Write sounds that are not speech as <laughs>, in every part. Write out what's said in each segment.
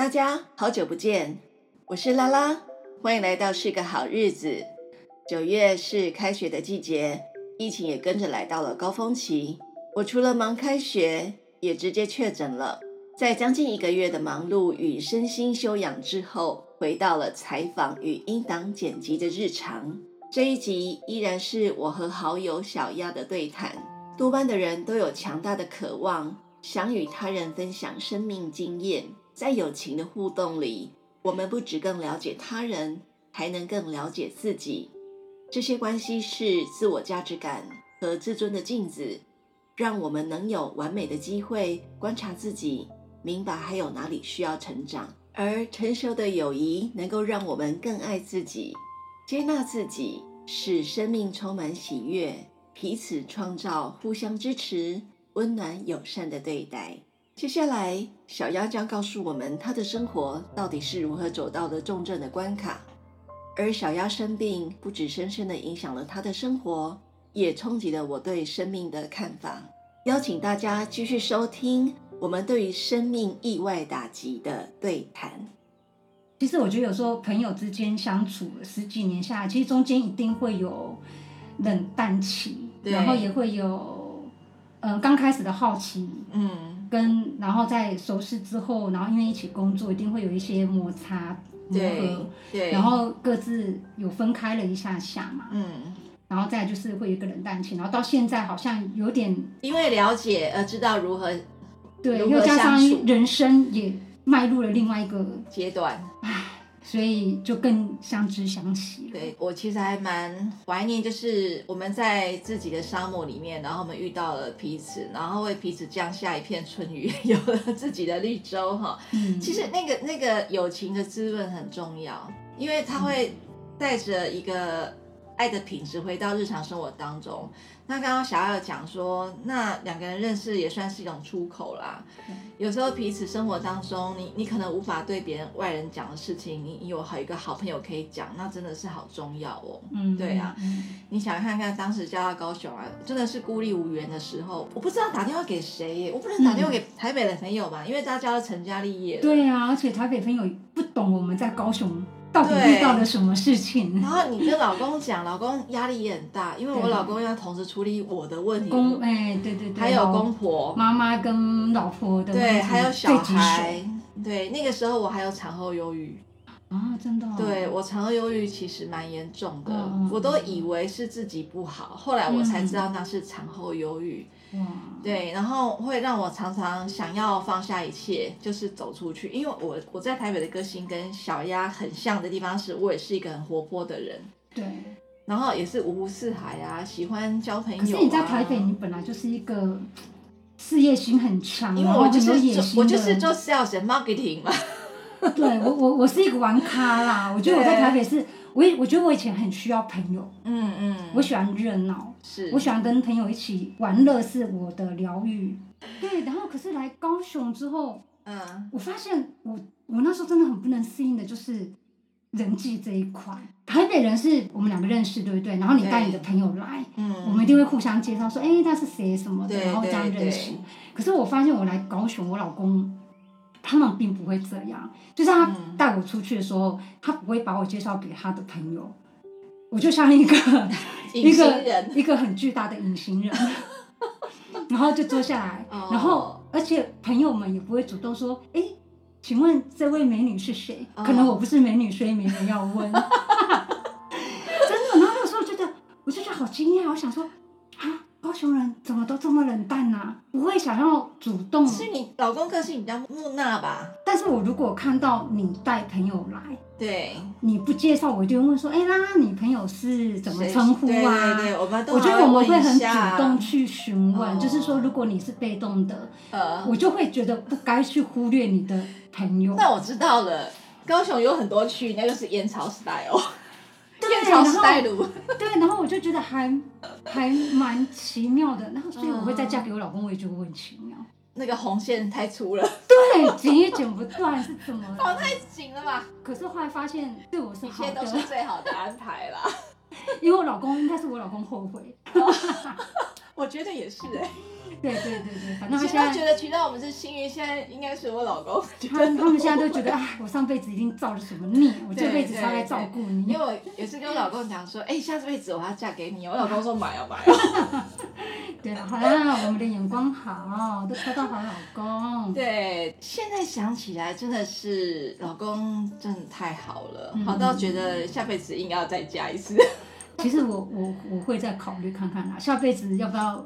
大家好久不見，我是拉拉，歡迎來到是個好日子。九月是開學的季節，疫情也跟着來到了高峰期。我除了忙開學，也直接確診了。在將近一個月的忙碌與身心休養之後，回到了採訪與音檔剪輯的日常。這一集依然是我和好友小鴨的對談。多半的人都有強大的渴望，想與他人分享生命經驗。在友情的互動裡，我們不只更了解他人，還能更了解自己。這些關係是自我價值感和自尊的鏡子，讓我們能有完美的機會觀察自己，明白還有哪裡需要成長。而成熟的友誼能夠讓我們更愛自己，接納自己，使生命充滿喜悅，彼此創造、互相支持、溫暖友善的對待。接下來，小鴨將告訴我們她的生活到底是如何走到的重症的關卡。而小鴨生病，不只深深的影響了她的生活，也衝擊了我對生命的看法。邀請大家繼續收聽我們對於生命意外打擊的對談。其實我覺得有時候朋友之間相處了十幾年下來，其實中間一定會有冷淡期，對然後也會有嗯、呃、剛開始的好奇，嗯。跟然後在熟悉之後，然後因為一起工作，一定會有一些摩擦磨合，對，對，然後各自有分開了一下下嘛，嗯，然後再就是會有一個冷淡期，然後到現在好像有點因為了解而知道如何，對，又加上人生也邁入了另外一個階段。所以就更相知相惜。對，我其實還蠻懷念，就是我們在自己的沙漠裡面，然後我們遇到了彼此，然後為彼此降下一片春雨， <laughs> 有了自己的綠洲哈。嗯，其實那個那個友情的滋潤很重要，因為它會帶着一個愛的品質回到日常生活當中。那剛剛小鴨講說，那兩個人認識也算是一種出口啦。嗯、有時候彼此生活當中，你你可能無法對別人外人講的事情，你有好一個好朋友可以講，那真的是好重要哦。嗯，對啊，嗯、你想看看當時交到高雄啊，真的是孤立無援的時候，我不知道打電話給誰耶，我不能打電話給台北的朋友吧，嗯、因為大家都成家立業。對啊，而且台北朋友不懂我們在高雄。到底遇到了什麼事情？然後你跟老公講， <laughs> 老公壓力也很大，因為我老公要同時處理我的問題。公、欸、對對對，還有公婆、媽媽跟老婆的問題，還有小孩。對，那個時候我還有產後憂鬱。啊、哦，真的、啊。對，我產後憂鬱其實蠻嚴重的，哦、我都以為是自己不好，嗯、後來我才知道那是產後憂鬱。Wow. 對，然後會讓我常常想要放下一切，就是走出去。因為我我在台北的個性跟小鴨很像的地方是，我也是一個很活潑的人。對，然後也是五湖四海啊，喜歡交朋友啊。因為你在台北，你本來就是一個事業心很強，因為我就是做我就是做 sales and marketing 嘛。 <laughs> 對我我我是一個玩咖啦，我覺得我在台北是，對我我覺得我以前很需要朋友，嗯嗯，嗯我喜歡熱鬧，是，我喜歡跟朋友一起玩樂是我的療癒。對，然後可是來高雄之後，嗯，我發現我我那時候真的很不能適應的就是人際這一塊。台北人是我們兩個認識，對不對？然後你帶你的朋友來，嗯對，我們一定會互相介紹說，哎、欸，他是誰什麼的，然後這樣認識。對對對，可是我發現我來高雄，我老公。他們並不會這樣，就像他帶我出去的時候，嗯、他不會把我介紹給他的朋友，我就像一個一個人，一個很巨大的隱形人， <laughs> 然後就坐下來，oh. 然後而且朋友們也不會主動說，哎，請問這位美女是誰？Oh. 可能我不是美女，所以沒人要問。 <laughs> 真的，然後那時候覺得，我就覺得好驚訝，我想說。高雄人怎麼都這麼冷淡呢？啊？不會想要主動？是你老公個是你家木訥吧？但是我如果看到你帶朋友來，對，你不介紹我就會問說，哎，欸，拉拉，你朋友是怎麼稱呼啊？對，對對，我好好我覺得我們會很主動去詢問，哦，就是說如果你是被動的，呃，嗯，我就會覺得不該去忽略你的朋友。那我知道了，高雄有很多區，那就是燕巢 style。對，對，然後我就覺得還 <laughs> 還蠻奇妙的，然後所以我會再嫁給我老公，我也覺得我很奇妙。那個紅線太粗了，對，剪也剪不斷是怎麼了？太緊了嘛？可是後來發現，對，我是一切都是最好的安排啦。 <laughs> 因為我老公，應該是我老公後悔。 <laughs> <laughs> 我覺得也是哎、欸。對對對對，反正現在，現在覺得娶到我們是幸運，現在應該是我老公我。他們他們現在都覺得啊我，我上輩子一定造了什麼孽，對對對對，我這輩子才來照顧你對對對對。因為我有時跟我老公講說，哎、欸欸欸，下輩子我要嫁給你。我老公說買啊買。 <laughs> 對，好啦，我們的眼光好，都挑到好老公。對，現在想起來真的是老公真的太好了，嗯、好到覺得下輩子應該要再嫁一次。嗯、 <laughs> 其實我我我會再考慮看看啦，下輩子要不要？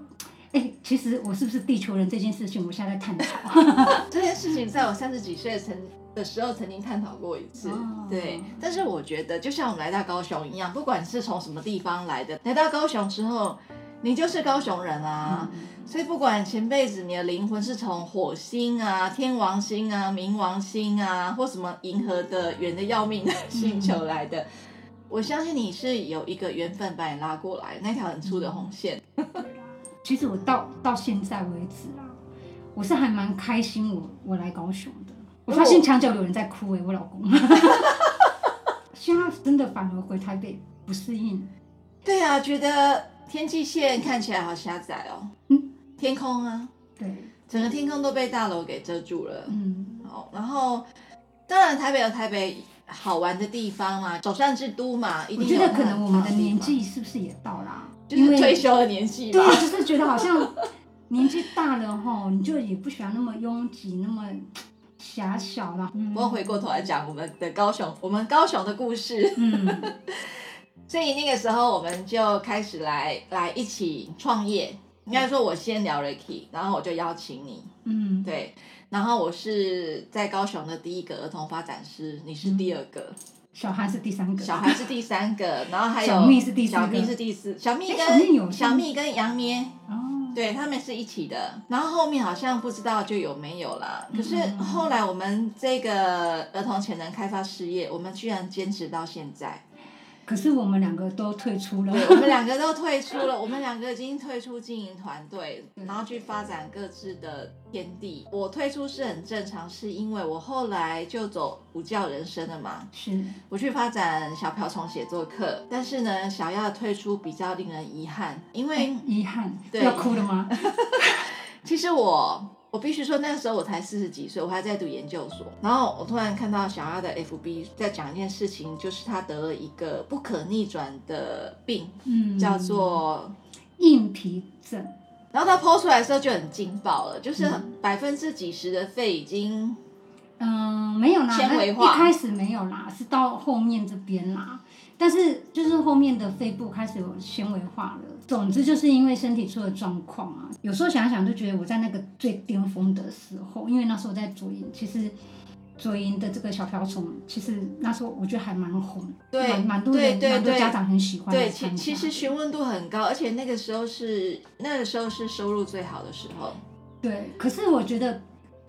哎，其實我是不是地球人這件事情，我們現在在探討。 <laughs> 這件事情在我三十幾歲曾的、的時候，曾經探討過一次。哦、對，但是我覺得，就像我們來到高雄一樣，不管是從什麼地方來的，來到高雄之後，你就是高雄人啊。嗯、所以不管前輩子你的靈魂是從火星啊、天王星啊、冥王星啊，或什麼銀河的圓的要命的星球來的，嗯、我相信你是有一個緣分把你拉過來，那條很粗的紅線。嗯其實我到到現在為止啊，我是還蠻開心我，我我來高雄的。我發現牆角有人在哭哎，我老公。 <laughs> 現在真的反而回台北不適應。對啊，覺得天際線看起來好狹窄哦。嗯、天空啊，對，整個天空都被大樓給遮住了。嗯，好、哦。然後當然台北有台北好玩的地方嘛、啊，首善之都嘛，一定有。我覺得可能我們的年紀是不是也到啦、啊？就是退休的年紀吧。對，就是覺得好像年紀大了哈， <laughs> 你就也不喜歡那麼擁擠、那麼狹小了。不過回過頭來講，我們的高雄，我們高雄的故事。嗯、 <laughs> 所以那個時候，我們就開始來來一起創業。應該說我先聊 Ricky，然後我就邀請你。嗯，對。然後我是在高雄的第一個兒童發展師，你是第二個。嗯小韓是第三個，小韓是第三個， <laughs> 然後還有小蜜是第四個，小蜜是第四，小蜜跟小蜜跟楊咩、哦、對他們是一起的，然後後面好像不知道就有沒有了，嗯、可是後來我們這個兒童潛能開發事業，我們居然堅持到現在。可是我們兩個， <laughs> 個都退出了，我們兩個都退出了，我們兩個已經退出經營團隊，然後去發展各自的天地。我退出是很正常，是因為我後來就走幼教人生了嘛。是，我去發展小瓢蟲寫作課，但是呢，小亞退出比較令人遺憾，因為遺、欸、憾對要哭了嗎？ <laughs> 其實我。我必須說，那時候我才四十幾歲，我還在讀研究所。然後我突然看到小鴨的 FB 在講一件事情，就是他得了一個不可逆轉的病，嗯，叫做硬皮症。然後他 PO 出來的時候就很驚爆了，就是百分之幾十的肺已經嗯，嗯，沒有啦，纖維化，一開始沒有啦，是到後面這邊啦。但是就是後面的肺部開始有纖維化了，總之就是因為身體出了狀況啊。有時候想想，就覺得我在那個最巔峰的時候，因為那時候在左營，其實左營的這個小瓢蟲，其實那時候我覺得還蠻紅，對，蠻多人，蠻多家長很喜歡對對。對，其實詢問度很高，而且那個時候是那個時候是收入最好的時候。對，可是我覺得，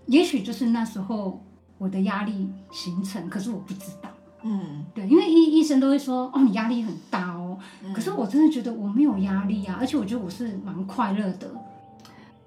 也許就是那時候我的壓力形成，可是我不知道。嗯，對，因為醫醫生都會說，哦，你壓力很大哦。嗯。可是我真的覺得我沒有壓力啊，而且我覺得我是蠻快樂的。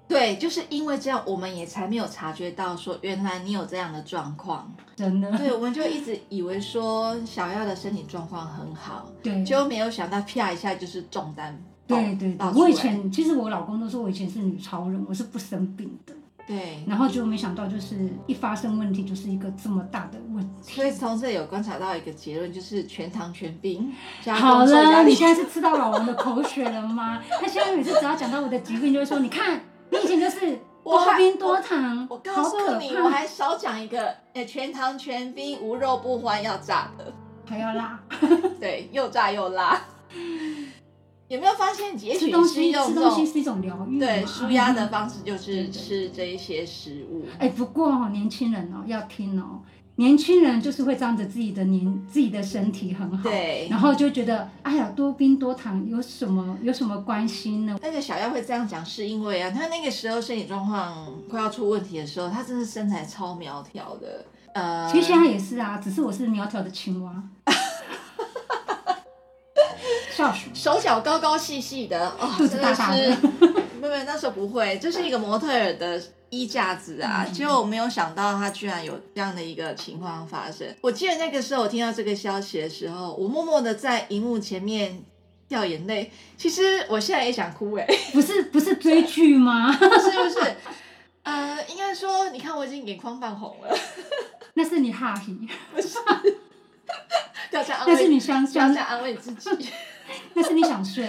對，就是因為這樣，我們也才沒有察覺到說，原來你有這樣的狀況。真的。對，我們就一直以為說小鴨的身體狀況很好， <laughs> 對，就沒有想到啪一下就是重擔。對，對對。我以前，其實我老公都說我以前是女超人，我是不生病的。對，然後就沒想到，就是一發生問題，就是一個這麼大的問題。所以從這有觀察到一個結論，就是全糖全冰。好了，你現在是吃到老王的口水了嗎？ <laughs> 他現在每次只要講到我的疾病，就會說：“你看，你以前就是多冰多糖。我我”我告訴你，我還少講一個，全糖全冰，無肉不歡，要炸的，還要辣， <laughs> 對，又炸又辣。」有沒有發現結局這，吃東西吃東西是一種療癒，對舒壓的方式就是吃這一些食物。哎、欸，不過、哦、年輕人哦，要聽哦，年輕人就是會仗着自己的年自己的身體很好，對，然後就覺得哎呀多冰多糖有什麼有什麼關係呢？那個小鴨會這樣講，是因為啊，她那個時候身體狀況快要出問題的時候，她真的身材超苗條的。呃、嗯，其實我也是啊，只是我是苗條的青蛙。 <laughs> 手腳高高細細的哦，真是的是妹妹，那時候不會，就是一個模特兒的衣架子啊。嗯嗯，結果我沒有想到，他居然有這樣的一個情況發生。我記得那個時候，我聽到這個消息的時候，我默默的在螢幕前面掉眼淚。其實我現在也想哭哎、欸，不是不是追劇嗎？不是不是，呃，應該說，你看我已經眼眶泛紅了，那是你哈皮，不是要那是你想想安慰自己。但是你想睡？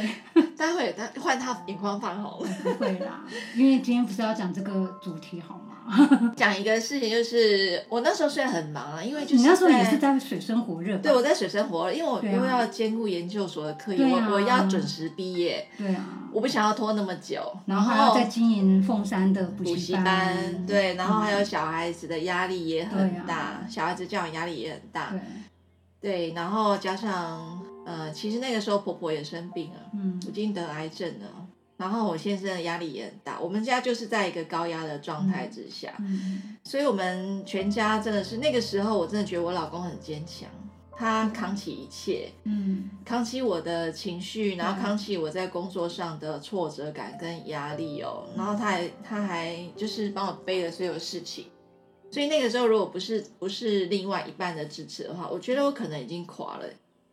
待會換他。眼光放好了。不會啦，因為今天不是要講這個主題好嗎？講一個事情，就是，我那時候雖然很忙啊，因為就是你那時候也是在水深火熱。對，我在水深火熱，因為我又要兼顧研究所的課業，我要準時畢業。對啊。我不想要拖那麼久。然後要在經營鳳山的補習班。對，然後還有小孩子的壓力也很大，小孩子教養壓力也很大。對，然後加上。呃，其實那個時候婆婆也生病了，嗯，已經得癌症了。然後我先生的壓力也很大，我們家就是在一個高壓的狀態之下，嗯，所以我們全家真的是那個時候，我真的覺得我老公很堅強，他扛起一切，嗯，扛起我的情緒，然後扛起我在工作上的挫折感跟壓力哦，嗯，然後他還他還就是幫我背了所有事情，所以那個時候如果不是不是另外一半的支持的話，我覺得我可能已經垮了。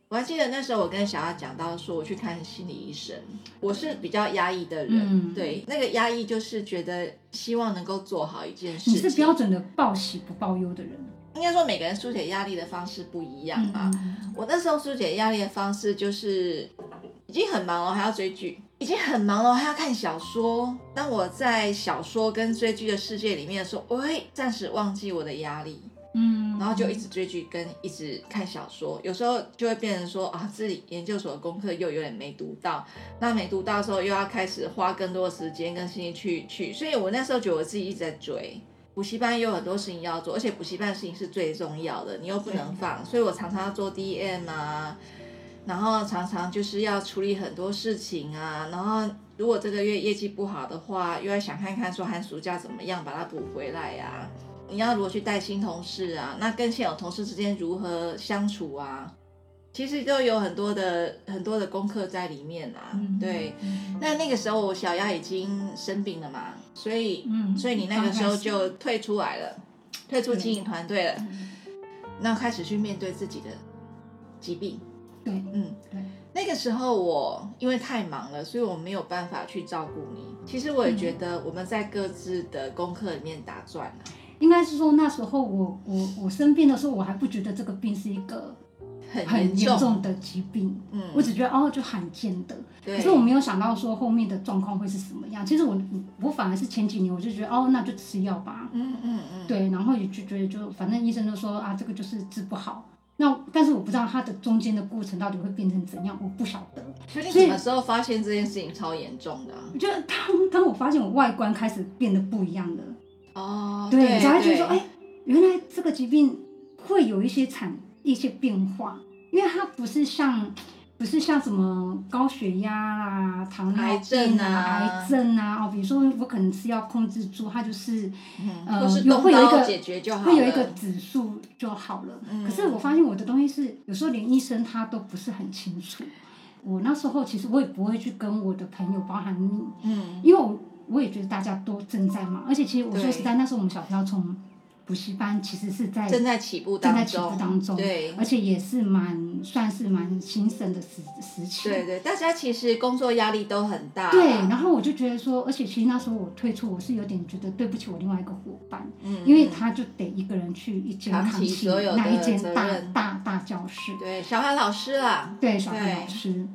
我還記得那時候，我跟小鴨講到說，我去看心理醫生。我是比較壓抑的人，嗯、對那個壓抑就是覺得希望能夠做好一件事。你是標準的報喜不報憂的人。應該說每個人紓解壓力的方式不一樣吧。嗯、我那時候紓解壓力的方式就是，已經很忙了還要追劇，已經很忙了還要看小說。當我在小說跟追劇的世界裡面的時候，我會暫時忘記我的壓力。嗯，然後就一直追劇，跟一直看小說，有時候就會變成說啊，自己研究所的功課又有點沒讀到，那沒讀到的時候，又要開始花更多的時間跟心力去去。所以我那時候覺得我自己一直在追，補習班有很多事情要做，而且補習班的事情是最重要的，你又不能放，對所以我常常要做 DM 啊，然後常常就是要處理很多事情啊，然後如果這個月業績不好的話，又要想看看說寒暑假怎麼樣把它補回來呀、啊。你要如何去帶新同事啊？那跟現有同事之間如何相處啊？其實都有很多的很多的功課在裡面啊。嗯、哼對，嗯、那那個時候我小鴨已經生病了嘛，所以，嗯、所以你那個時候就退出來了，嗯、退出經營團隊了，那、嗯、開始去面對自己的疾病。對、嗯，嗯，那個時候我因為太忙了，所以我沒有辦法去照顧你。其實我也覺得我們在各自的功課裡面打轉了、啊。應該是說那時候我我我生病的時候我還不覺得這個病是一個很嚴重的疾病，嗯，我只覺得哦，就罕見的，對可是我沒有想到說後面的狀況會是什麼樣。其實我我反而是前幾年我就覺得哦，那就吃藥吧，嗯嗯嗯，嗯嗯對，然後也就覺得就反正醫生都說啊，這個就是治不好，那但是我不知道它的中間的過程到底會變成怎樣，我不曉得。所以，所以什麼時候發現這件事情超嚴重的啊？我覺得當當我發現我外觀開始變得不一樣了。哦、oh, 對，對，然後就說，哎，原來這個疾病會有一些產一些變化，因為它不是像，不是像什麼高血壓啊、糖尿病啊、癌症啊，哦，比如說我可能是要控制住，它就是，嗯，有、呃、會有一個解決就好，會有一個指數就好了，嗯，可是我發現我的東西是，有時候連醫生他都不是很清楚，我那時候其實我也不會去跟我的朋友，包含你，嗯，因為我。我也覺得大家都正在忙，而且其實我說實在，那時候我們小跳從補習班其實是在正在起步當中，對，而且也是蠻算是蠻新生的時時期。對對，大家其實工作壓力都很大。對，然後我就覺得說，而且其實那時候我退出，我是有點覺得對不起我另外一個夥伴，嗯嗯，因為他就得一個人去一間起所有的那一間大大大教室。對，小韓老師啦。對，小韓老師。對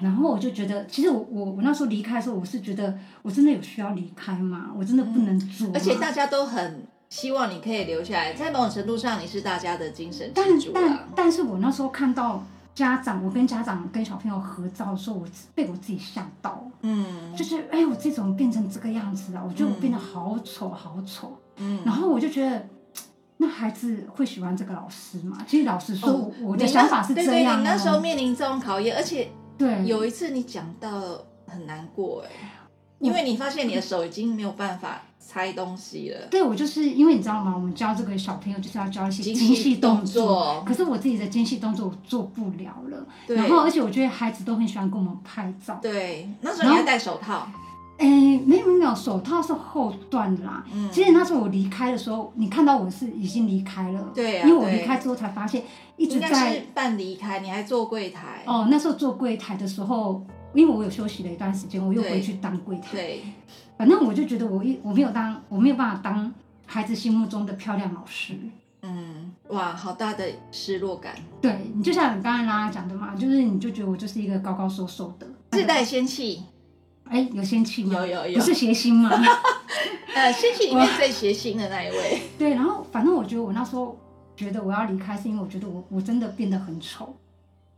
然後我就覺得，其實我我我那時候離開的時候，我是覺得我真的有需要離開嗎我真的不能做、嗯、而且大家都很希望你可以留下來，在某種程度上你是大家的精神支柱、啊、但但但是我那時候看到家長，我跟家長跟小朋友合照的時候，我被我自己嚇到嗯。就是哎，我自己怎麼變成這個樣子啊，我覺得我變得好醜好醜。嗯。然後我就覺得，那孩子會喜歡這個老師嗎？其實老師說，哦、我的想法是這樣、啊。對，對，你那時候面臨這種考驗，而且。對，有一次你講到很難過哎、欸，因為你發現你的手已經沒有辦法拆東西了。對，我就是因為你知道嗎？我們教這個小朋友就是要教一些精細動作，動作，可是我自己的精細動作我做不了了。對然後而且我覺得孩子都很喜歡跟我們拍照。對，那時候你還戴手套。哎，沒有沒有，手套是後段的啦。嗯。其實那時候我離開的時候，你看到我是已經離開了。對啊。因為我離開之後才發現，對一直在。應該是半離開，你還坐櫃檯。哦，那時候坐櫃檯的時候，因為我有休息了一段時間，我又回去當櫃檯。對。對反正我就覺得我，我一我沒有當我沒有辦法當孩子心目中的漂亮老師。嗯，哇，好大的失落感。對，你就像你剛才剛剛拉拉講的嘛，就是你就覺得我就是一個高高瘦瘦的，自帶仙氣。哎、欸，有仙氣嗎？有有有，不是諧星嗎？有有有 <laughs> 呃，仙氣裡面最諧星的那一位。我 對，然後反正我覺得我那時候覺得我要離開，是因為我覺得我我真的變得很醜，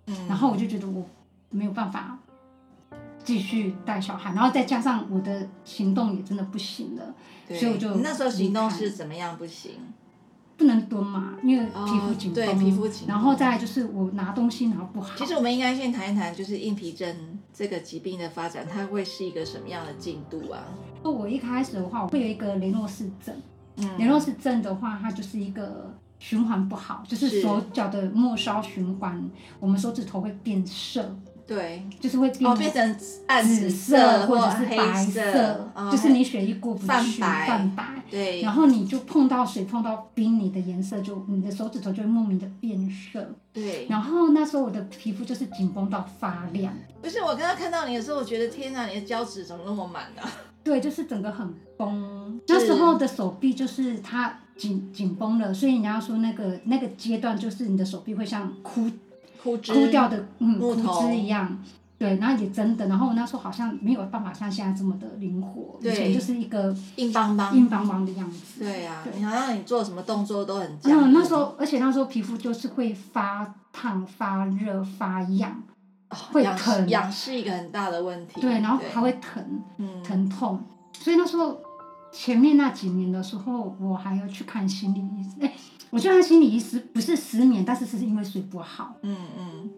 嗯，然後我就覺得我沒有辦法繼續帶小孩，然後再加上我的行動也真的不行了，對所以我就。那時候行動是怎麼樣不行？不能蹲嘛，因為皮膚緊繃。哦，對，皮膚緊。然後再就是我拿東西拿不好。其實我們應該先談一談，就是硬皮症這個疾病的發展，它會是一個什麼樣的進度啊？我一開始的話，我會有一個雷諾氏症。嗯，雷諾氏症的話，它就是一個循環不好，就是手腳的末梢循環，是我們手指頭會變色。對，就是會變哦，變成紫色或者是，白色、哦、暗色、或者是黑色，就是你血液過不去，哦、泛白，對，然後你就碰到水，碰到冰，你的顏色就，你的手指頭就會莫名的變色。對，然後那時候我的皮膚就是緊繃到發亮。不是我剛剛看到你的時候，我覺得天哪，你的膠質怎麼那麼滿呢、啊？對，就是整個很繃。是那時候的手臂就是它緊緊繃了，所以你要說那個那個階段，就是你的手臂會像枯。.枯，枯掉的、嗯、木頭枯枝一樣，對，然後也真的。然後我那時候好像沒有辦法像現在這麼的靈活，對以前就是一個硬邦邦、硬邦邦的樣子。對呀、啊，然後對你，你做什麼動作都很僵硬、嗯。那時候，而且那時候皮膚就是會發燙、發熱、發癢，哦、會疼。癢是一個很大的問題。對，然後還會疼，對疼痛。所以那時候，前面那幾年的時候，我還要去看心理醫生。我覺得他心理醫師不是失眠，但是是因為睡不好。嗯嗯，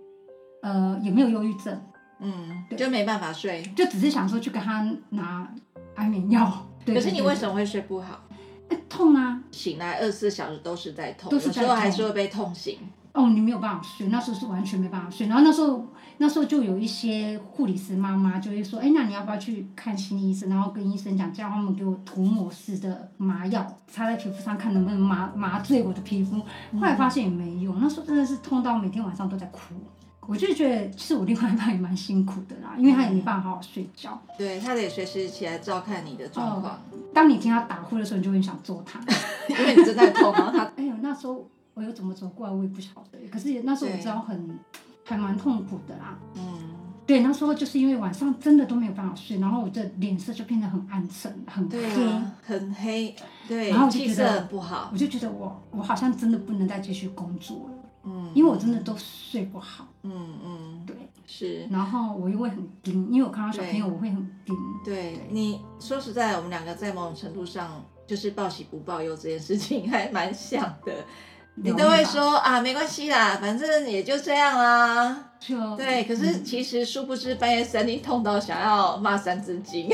呃，有沒有憂鬱症。嗯，就沒辦法睡，就只是想說去給他拿安眠藥。可是你為什麼會睡不好？欸，痛啊！醒來二十四小時都是在痛，都是在痛，有時候還是會被痛醒。哦，你沒有辦法睡，那時候是完全沒辦法睡。然後那時候，那時候就有一些護理師媽媽就會說：“哎、欸，那你要不要去看心理醫生？”然後跟醫生講，叫他們給我塗抹式的麻藥，擦在皮膚上看能不能麻麻醉我的皮膚。後來發現也沒用，那時候真的是痛到每天晚上都在哭。我就覺得，其實我另外一半也蠻辛苦的啦，因為他也沒辦法好好睡覺。對，他得隨時起來照看你的狀況，哦。當你聽他打呼的時候，你就會想揍他， <laughs> 因為你正在痛，然後他……哎呦，那時候。我又怎麼走過來，我也不曉得。可是那時候我知道很對還蠻痛苦的啦。嗯，對，那時候就是因為晚上真的都沒有辦法睡，然後我的臉色就變得很暗沉，很黑，啊、很黑。對，然後我就覺得氣色不好，我就覺得我我好像真的不能再繼續工作了。嗯，因為我真的都睡不好。嗯嗯，嗯對，是。然後我又會很盯，因為我看到小朋友，我會很盯。對，對對，你說實在，我們兩個在某種程度上就是報喜不報憂這件事情還蠻像的。你都會說啊，沒關係啦，反正也就這樣啦。是就對，可是其實殊不知半夜三更痛到想要罵三字經。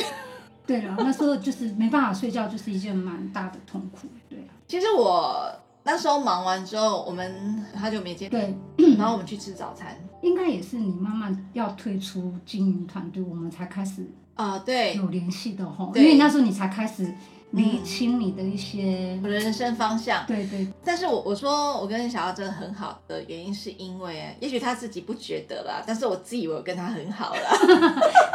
對啊，那時候就是沒辦法睡覺，就是一件蠻大的痛苦。對啊。其實我那時候忙完之後，我們好久沒見。對。然後我們去吃早餐，應該也是你媽媽要退出經營團隊，我們才開始啊，對，有聯繫的吼，因為那時候你才開始。嗯、釐清你的一些我的人生方向，對對，對。但是我，我我說我跟小鴨真的很好的原因，是因為，也許他自己不覺得啦，但是我自己以為我跟他很好啦。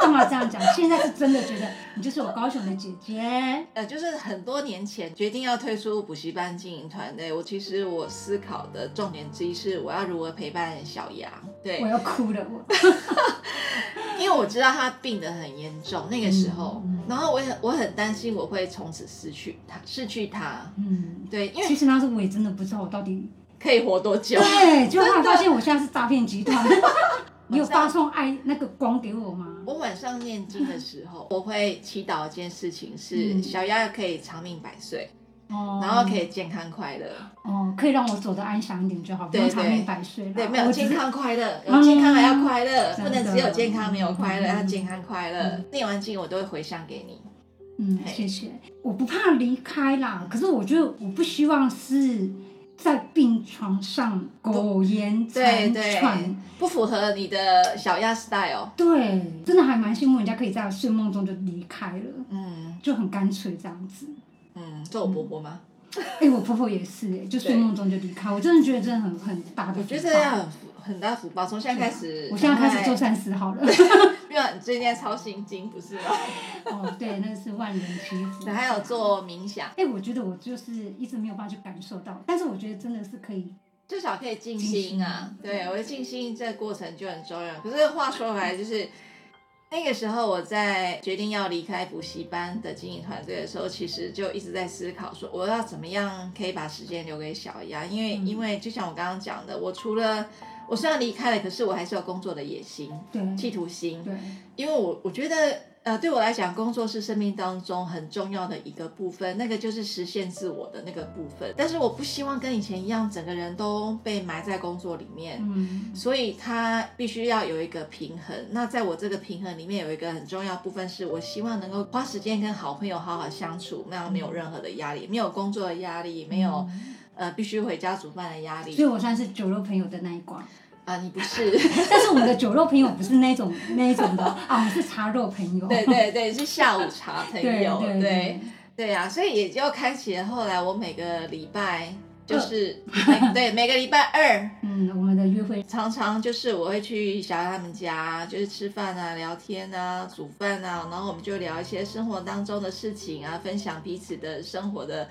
幹 <laughs> 嘛這樣講？ <laughs> 現在是真的覺得你就是我高雄的姐姐。呃，就是很多年前決定要退出補習班經營團隊，我其實我思考的重點之一是，我要如何陪伴小楊。對，我要哭了我。 <laughs> 因為我知道他病得很嚴重，那個時候，嗯嗯、然後我也我很擔心我會從此失去他，失去他，嗯，對，因為其實那時候我也真的不知道我到底可以活多久，對，結果發現我現在是詐騙集團。你有發送愛那個光給我嗎？我晚上念經的時候，嗯、我會祈禱一件事情是、嗯、小鴨可以長命百歲。嗯、然後可以健康快樂，哦、嗯，可以讓我走得安詳一點就好，不用長命百歲。對，對，對，沒有健康快樂，有健康還要快樂，的不能只有健康沒有快樂，嗯、要健康快樂。念、嗯、完經我都會回向給你。嗯，對謝謝。我不怕離開啦，可是我覺得我不希望是在病床上苟延殘喘，不，不符合你的小鴨 style 哦。對，真的還蠻羨慕人家可以在睡夢中就離開了，嗯，就很乾脆這樣子。嗯，做我婆婆嗎？哎、嗯欸，我婆婆也是、欸，就睡夢中就離開，對我真的覺得真的很很大的就是很,很大福報，從現在開始、啊，我現在開始做善事好了。對很快， <laughs> 最近在抄心經不是嗎？ <laughs> 哦，對，那個是萬人祈福。還有做冥想，哎、欸，我覺得我就是一直沒有辦法去感受到，但是我覺得真的是可以、啊，至少可以靜心啊。對，我覺得靜心這過程就很重要。可是話說回來，就是。 <laughs> 那個時候我在決定要離開補習班的經營團隊的時候，其實就一直在思考，說我要怎麼樣可以把時間留給小鴨，因為、嗯、因為就像我剛剛講的，我除了我雖然離開了，可是我還是有工作的野心、對 企圖心，對 因為我我覺得。呃，對我來講，工作是生命當中很重要的一個部分，那個就是實現自我的那個部分。但是我不希望跟以前一樣，整個人都被埋在工作裡面。嗯，所以他必須要有一個平衡。那在我這個平衡裡面，有一個很重要部分，是我希望能夠花時間跟好朋友好好相處，那樣沒有任何的壓力，沒有工作的壓力，沒有呃必須回家煮飯的壓力。所以我算是酒肉朋友的那一掛。啊，你不是， <laughs> <laughs> 但是我們的酒肉朋友不是那種那種的啊，我是茶肉朋友。 <laughs> 對，對對對，是下午茶朋友。 <laughs> 對對，對，對，對啊，所以也就開啟了後來，我每個禮拜就是，對每個禮 <laughs> 拜二， <laughs> 嗯，我們的約會常常就是我會去小鴨他們家，就是吃飯啊、聊天啊、煮飯啊，然後我們就聊一些生活當中的事情啊，分享彼此的生活的。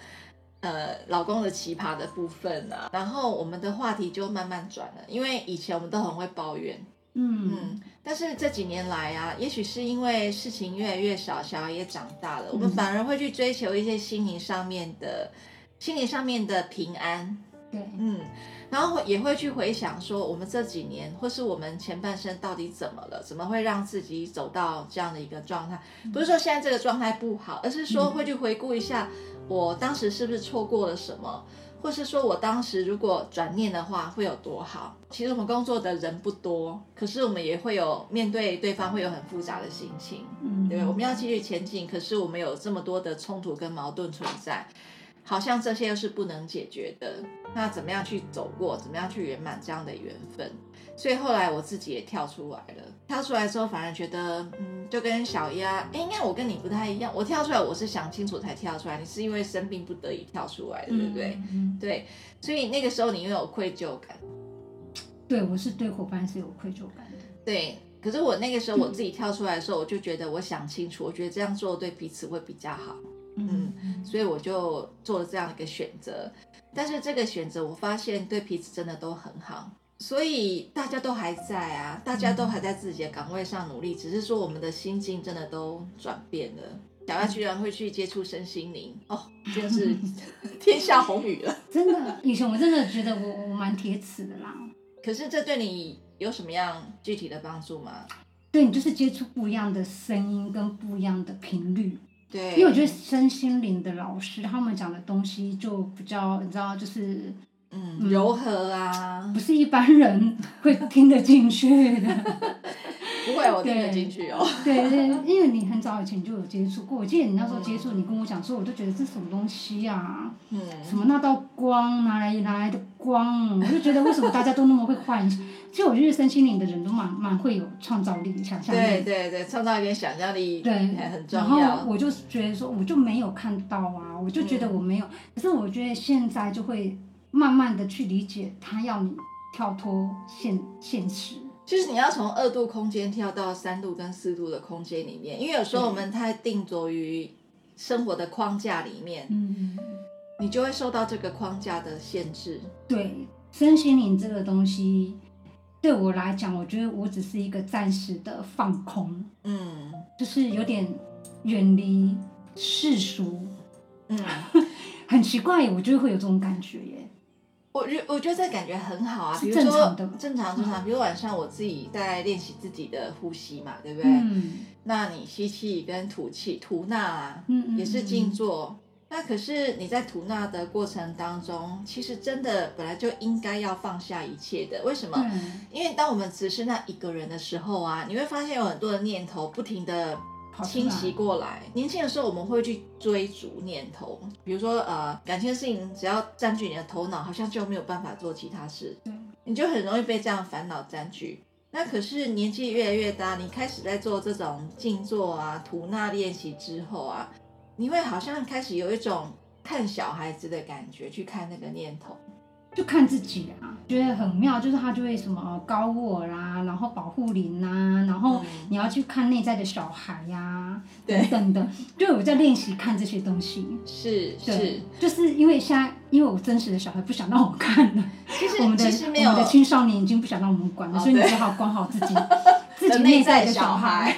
呃，老公的奇葩的部分啊，然後我們的話題就慢慢轉了，因為以前我們都很會抱怨，嗯，嗯，但是這幾年來啊，也許是因為事情越來越少，小孩也長大了，嗯，我們反而會去追求一些心靈上面的、心靈上面的平安，對，嗯。然後也會去回想說，我們這幾年或是我們前半生到底怎麼了？怎麼會讓自己走到這樣的一個狀態？不是說現在這個狀態不好，而是說會去回顧一下，我當時是不是錯過了什麼？或是說我當時如果轉念的話，會有多好？其實我們工作的人不多，可是我們也會有面對對方會有很複雜的心情，嗯，對不對？我們要繼續前進，可是我們有這麼多的衝突跟矛盾存在。好像這些又是不能解決的，那怎麼樣去走過，怎麼樣去圓滿這樣的緣分？所以後來我自己也跳出來了，跳出來後反而覺得，嗯，就跟小鴨，哎、欸，應該我跟你不太一樣，我跳出來我是想清楚才跳出來，你是因為生病不得已跳出來的，對不對？嗯嗯、對，所以那個時候你又有愧疚感，對我是對夥伴是有愧疚感的，對。可是我那個時候我自己跳出來的時候，我就覺得我想清楚，嗯、我覺得這樣做對彼此會比較好。嗯，所以我就做了這樣一個選擇，但是這個選擇我發現對彼此真的都很好，所以大家都還在啊，大家都還在自己的崗位上努力，只是說我們的心境真的都轉變了。小鴨居然會去接觸身心靈，哦，真、就是天下紅雨了。 <laughs> 真的，以前我真的覺得我我蠻鐵齒的啦。可是這對你有什麼樣具體的幫助嗎？對你就是接觸不一樣的聲音跟不一樣的頻率。對因為我覺得身心靈的老師，他們講的東西就比較，你知道，就是嗯，柔和啊、嗯，不是一般人會聽得進去的。 <laughs> 不會，我聽得進去哦。對對，對，因為你很早以前就有接觸過，我記得你那時候接觸，嗯、你跟我講說，我就覺得這什麼東西呀、啊？嗯。什麼那道光，哪來哪來的光？我就覺得為什麼大家都那麼會幻想？ <laughs> 其實我覺得身心靈的人都蠻蠻會有創造力、想象力。對對對，創造力、想象力，對，很重要。我，我就是覺得說，我就沒有看到啊，我就覺得我沒有。嗯，可是我覺得現在就會慢慢的去理解，他要你跳脫現現實，就是你要從二度空間跳到三度跟四度的空間裡面。因為有時候我們太定着於生活的框架裡面，嗯，你就會受到這個框架的限制。對，身心靈這個東西。對我來講，我覺得我只是一個暫時的放空，嗯，就是有點遠離世俗，嗯， <laughs> 很奇怪，我就會有這種感覺耶。我覺我覺得這個感覺很好啊，是正常的，比如說正常正常，正常。比如晚上我自己在練習自己的呼吸嘛，對不對？嗯。那你吸氣跟吐氣吐納啊，嗯，嗯，嗯，也是靜坐。那可是你在吐納的過程當中，其實真的本來就應該要放下一切的。為什麼？嗯、因為當我們只是那一個人的時候啊，你會發現有很多的念頭不停地侵襲過來。年輕的時候我們會去追逐念頭，比如說呃感情的事情，只要占據你的頭腦，好像就沒有辦法做其他事。嗯、你就很容易被這樣煩惱占據。那可是年紀越來越大，你開始在做這種靜坐啊、吐納練習之後啊。你會好像開始有一種看小孩子的感覺，去看那個念頭，就看自己啊，覺得很妙。就是他就會什麼高我啦，然後保護靈吶，然後你要去看內在的小孩呀，等等的。就有在練習看這些東西，是是，就是因為現在，因為我真實的小孩不想讓我看了，其實我們的我的青少年已經不想讓我們管了，所以你只好管好自己自己內在的小孩。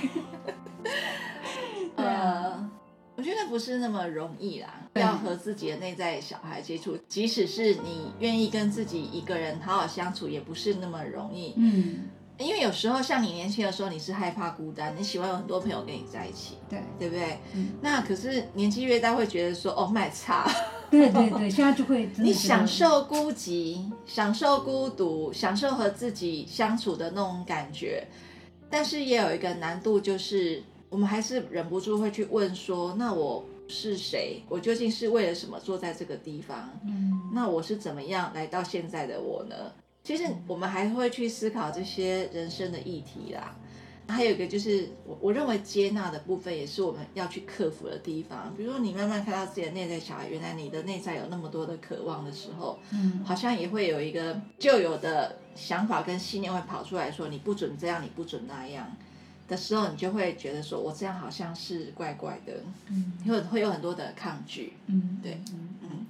對啊。我覺得不是那麼容易啦，要和自己的內在小孩接觸，對即使是你願意跟自己一個人好好相處，也不是那麼容易。嗯，因為有時候像你年輕的時候，你是害怕孤單，你喜歡有很多朋友跟你在一起，對，對不對？嗯，那可是年紀越大，會覺得說 Oh my God，對對對， <laughs> 現在就會你享受孤寂，享受孤獨，享受和自己相處的那種感覺，但是也有一個難度就是。我們還是忍不住會去問說：“那我是誰？我究竟是為了什麼坐在這個地方？那我是怎麼樣來到現在的我呢？”其實我們還會去思考這些人生的議題啦。還有一個就是，我我認為接納的部分也是我們要去克服的地方。比如說，你慢慢看到自己的內在小孩，原來你的內在有那麼多的渴望的時候，嗯，好像也會有一個舊有的想法跟信念會跑出來說：“你不准這樣，你不准那樣。”的時候，你就會覺得說，我這樣好像是怪怪的，嗯，會會有很多的抗拒，嗯，對，嗯，嗯。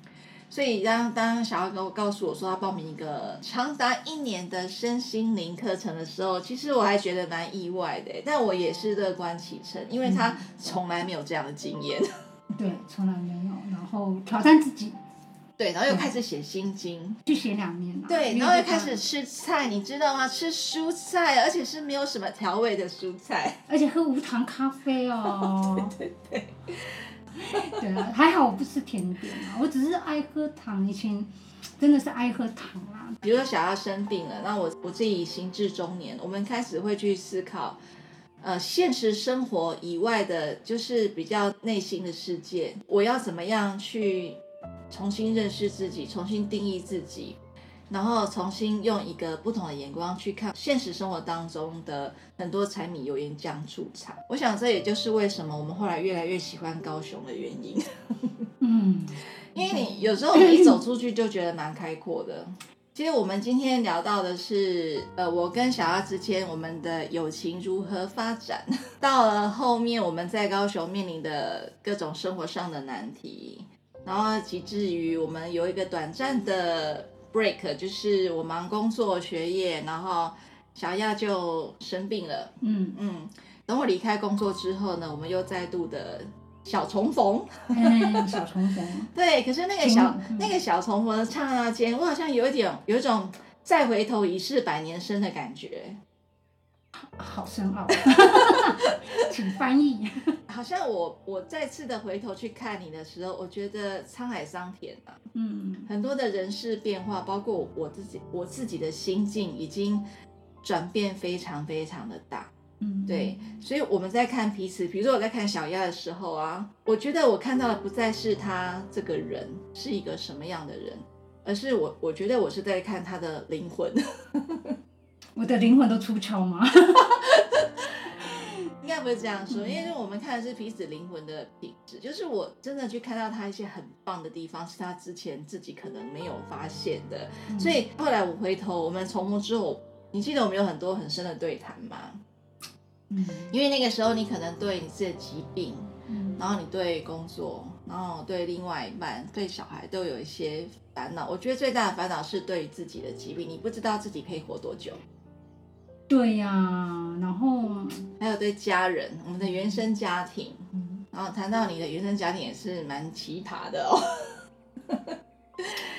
所以當當小鴨跟我告訴我說他報名一個長達一年的身心靈課程的時候，其實我還覺得蠻意外的，但我也是樂觀其成，因為他從來沒有這樣的經驗，嗯、對，從來沒有，然後挑戰自己。對，然後又開始寫心經，去、嗯、寫兩年對，沒有 然後又開始吃菜，湯你知道嗎？吃蔬菜，而且是沒有什麼調味的蔬菜，而且喝無糖咖啡哦。 <laughs> 對對對。對啊， <laughs> 還好我不吃甜點啊，我只是愛喝糖。以前真的是愛喝糖啦。比如說，小鴨生病了，那我我自己已行至中年，我們開始會去思考，呃，現實生活以外的，就是比較內心的世界，我要怎麼樣去。重新認識自己，重新定義自己，然後重新用一個不同的眼光去看現實生活當中的很多柴米油鹽醬醋茶。我想這也就是為什麼我們後來越來越喜歡高雄的原因。嗯 <laughs> 因為你有時候我們一走出去就覺得蠻開闊的。其實我們今天聊到的是，呃，我跟小鴨之間我們的友情如何發展，到了後面我們在高雄面臨的各種生活上的難題。然後，以至於我們有一個短暫的 break，就是我忙工作、學業，然後小鴨就生病了。嗯嗯，等我離開工作之後呢，我們又再度的小重逢，嗯、 <laughs> 小重逢。對，可是那個小清那個小重逢的剎那間，我好像有一點有一種再回頭已是百年身的感覺。好深奧， <laughs> 請翻譯譯。好像我我再次的回頭去看你的時候，我覺得滄海桑田啊，嗯,嗯，很多的人事變化，包括我自己我自己的心境已經轉變非常非常的大，嗯,嗯，對，所以我們在看彼此，比如說我在看小鴨的時候啊，我覺得我看到的不再是他這個人是一個什麼樣的人，而是我我覺得我是在看他的靈魂。 <laughs> 我的靈魂都出竅嗎？ <laughs> <laughs> 應該不是這樣說，因為我們看的是彼此靈魂的品質。就是我真的去看到他一些很棒的地方，是他之前自己可能沒有發現的。嗯、所以後來我回頭，我們重逢之後，你記得我們有很多很深的對談嗎？嗯，因為那個時候你可能對你自己的疾病，嗯、然後你對工作，然後對另外一半，對小孩都有一些煩惱。我覺得最大的煩惱是對於自己的疾病，你不知道自己可以活多久。對呀、啊，然後還有對家人，我們的原生家庭，嗯、然後談到你的原生家庭也是蠻奇葩的哦。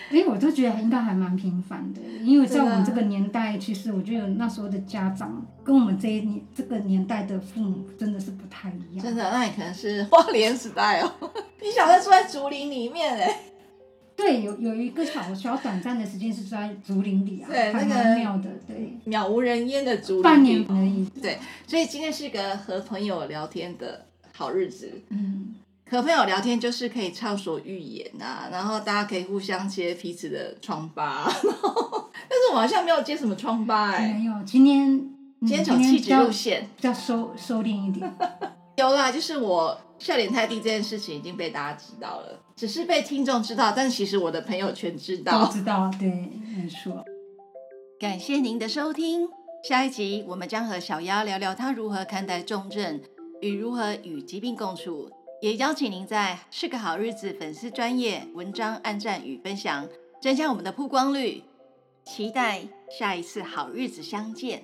所以我就覺得應該還蠻平凡的，因為在我們這個年代，啊、其實我覺得那時候的家長跟我們這一年這個年代的父母真的是不太一樣。真的，那你可能是花蓮時代哦， <laughs> 你想在住在竹林裡面哎。對，有有一個小小短暫的時間是住在竹林裡啊，那個對很妙的，對，渺無人煙的竹林，半年而已。對，對，所以今天是一個和朋友聊天的好日子。嗯，和朋友聊天就是可以暢所欲言啊，然後大家可以互相揭彼此的瘡疤。 <laughs> 但是我好像沒有揭什麼瘡疤哎，沒有、嗯。今天、嗯、今天走氣質路線比，比較收收斂一點。 <laughs> 有啦，就是我。笑點太低這件事情已經被大家知道了，只是被聽眾知道，但其實我的朋友全知道。都知道，對，沒錯。感謝您的收聽，下一集我們將和小鴨聊聊她如何看待重症與如何與疾病共處，也邀請您在是個好日子粉絲專頁文章按讚與分享，增加我們的曝光率。期待下一次好日子相見。